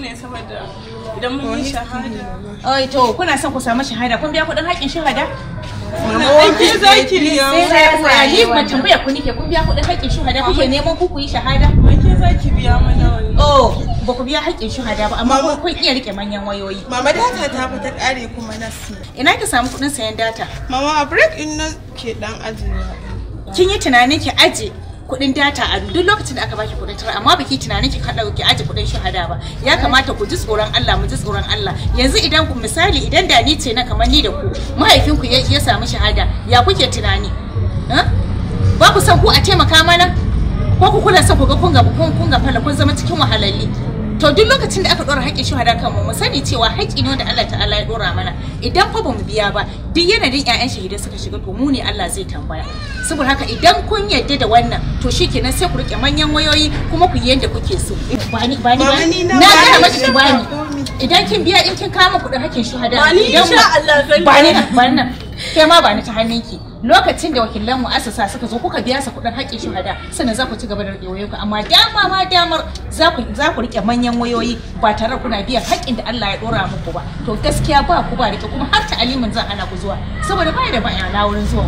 ne saboda idan mun yi shahada. to kuna son ku samu shahada kun biya kuɗin haƙin shahada? Aiki zaki yi. Ni tambaya ku nike kun biya kuɗin haƙin shahada kuke neman ku yi shahada? zaki biya mana Oh ba ku biya shahada ba amma kun iya rike manyan wayoyi. Mama data ta ta ƙare kuma na Ina ki samu kuɗin sayan data? Mama a break in na ke dan ajiye. Kin yi tunanin ki ajiye kuɗin data a duk lokacin da aka baki kuɗin tara amma baki tunanin ki kada ki aje kuɗin shahada ba ya kamata ku ji tsoron Allah mu ji tsoron Allah yanzu idan ku misali idan da ni ce na kamar ni da ku mahaifin ku ya samu shahada ya kuke tunani ba ku san ku a taimaka mana ko ku kula san ku ga kun ga kun ga fala kun zama cikin wahalalli to duk lokacin da aka dora haƙƙin shuhada kan mu sani cewa haƙƙi ne da Allah ta'ala ya dora mana idan fa ba mu biya ba duk yanayin ƴaƴan shahidai suka shiga to mu ne Allah zai tambaya saboda haka idan kun yarda da wannan to shikenan sai ku rike manyan wayoyi kuma ku yi yadda kuke so bani bani ba? na ga maki ki bani idan kin biya din kin kama kuɗin haƙƙin shuhada idan bani bani Ke ma ba ni ta hannunki. Lokacin da wakilan Asasa suka zo kuka biya su kuɗin haƙƙin shuhada sannan za ku ci gaba da riƙe wayoyinku amma dama ma damar za ku za ku riƙe manyan wayoyi ba tare kuna biyan haƙƙin da Allah ya ɗora muku ba. To gaskiya ba ku ba rike kuma har ta alimin zan ana ku zuwa saboda ba da na wurin zuwa.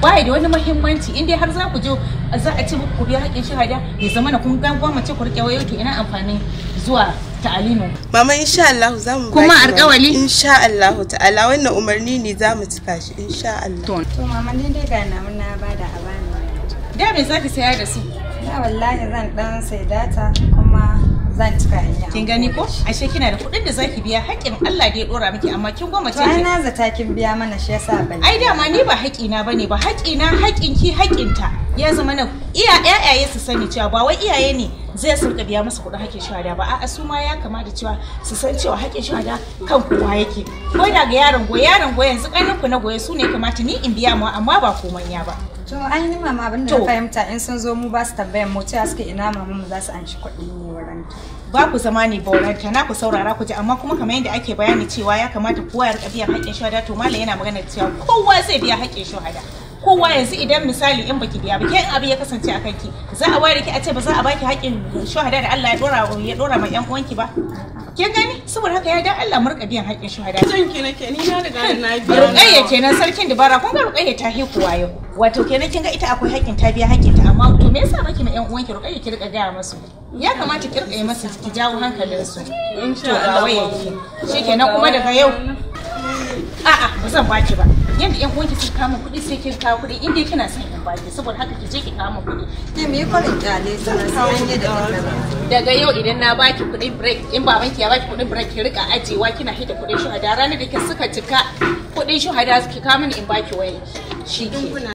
Ba da wani muhimmanci in dai har za ku je za a ce muku biya haƙƙin shahada ya zama na kun gan gwamnati ku rike wayo to ina amfani zuwa ta'alimu mama insha Allah za mu kuma alƙawali insha Allah ta'ala wannan umarni ne za mu cika shi insha Allah to mama ni dai ga namu na bada abana da me zaki sayar da su ya wallahi zan dan sai data kuma zan cika in yi kin gani ko ashe kina da kuɗin da zaki biya haƙƙin Allah da ya ɗora miki amma kin goma ce to ai na zata kin biya mana shi yasa bai ai dama ni ba haƙƙi na bane ba haƙƙi na haƙƙin ki haƙƙin ta ya zama na iya iyaye su sani cewa ba wai iyaye ne zai surka biya musu kuɗin haƙƙin shahada ba a'a su ma ya kamata cewa su san cewa haƙƙin shahada kan kowa yake ko da ga yaron goye yaron goye yanzu ƙanin ku na goye su ne kamata ni in biya ma amma ba komai ya ba To yi mama abin da fahimta in sun zo mu ba su tambayan mu ce suke ina mama mu za su anshi kuɗi ne waranta. Ba ku zama ne ba na ku saurara ku ji amma kuma kamar yadda ake bayani cewa ya kamata kowa ya riƙa biyan haƙƙin shahada to malam yana magana cewa kowa zai biya haƙƙin shahada. kowa yanzu idan misali in baki biya ba ke abu ya kasance a kanki za a ware ki a ce ba za a baki hakkin shuhada da Allah ya dora ya dora ma yan uwanki ba kin gani saboda haka ya dan Allah murka biyan hakkin shuhada kin ki nake ni na riga na biya ruqayya kenan sarkin dubara kun ga ruqayya ta hi kuwa yau wato kenan kin ga ita akwai haƙƙin ta biya haƙƙin ta amma to me yasa baki ma yan uwanki ruqayya ki riga gaya masu ya kamata ki riga yi masu ki jawo hankalinsu Allah ga wayarki shikenan kuma daga yau a'a ba zan baki ba yanda yan uwanki sun kama kuɗi sai kin kawo kuɗi inda kina son in baki saboda haka ki je ki kama kuɗi ke me kwarin kyale sai yi da daga yau idan na baki kuɗin break in baban ki ya baki kuɗin break ki rika ajewa kina hita kuɗin shuhada ranar da ki suka cika kuɗin shuhada ki kawo mini in baki waya shi ke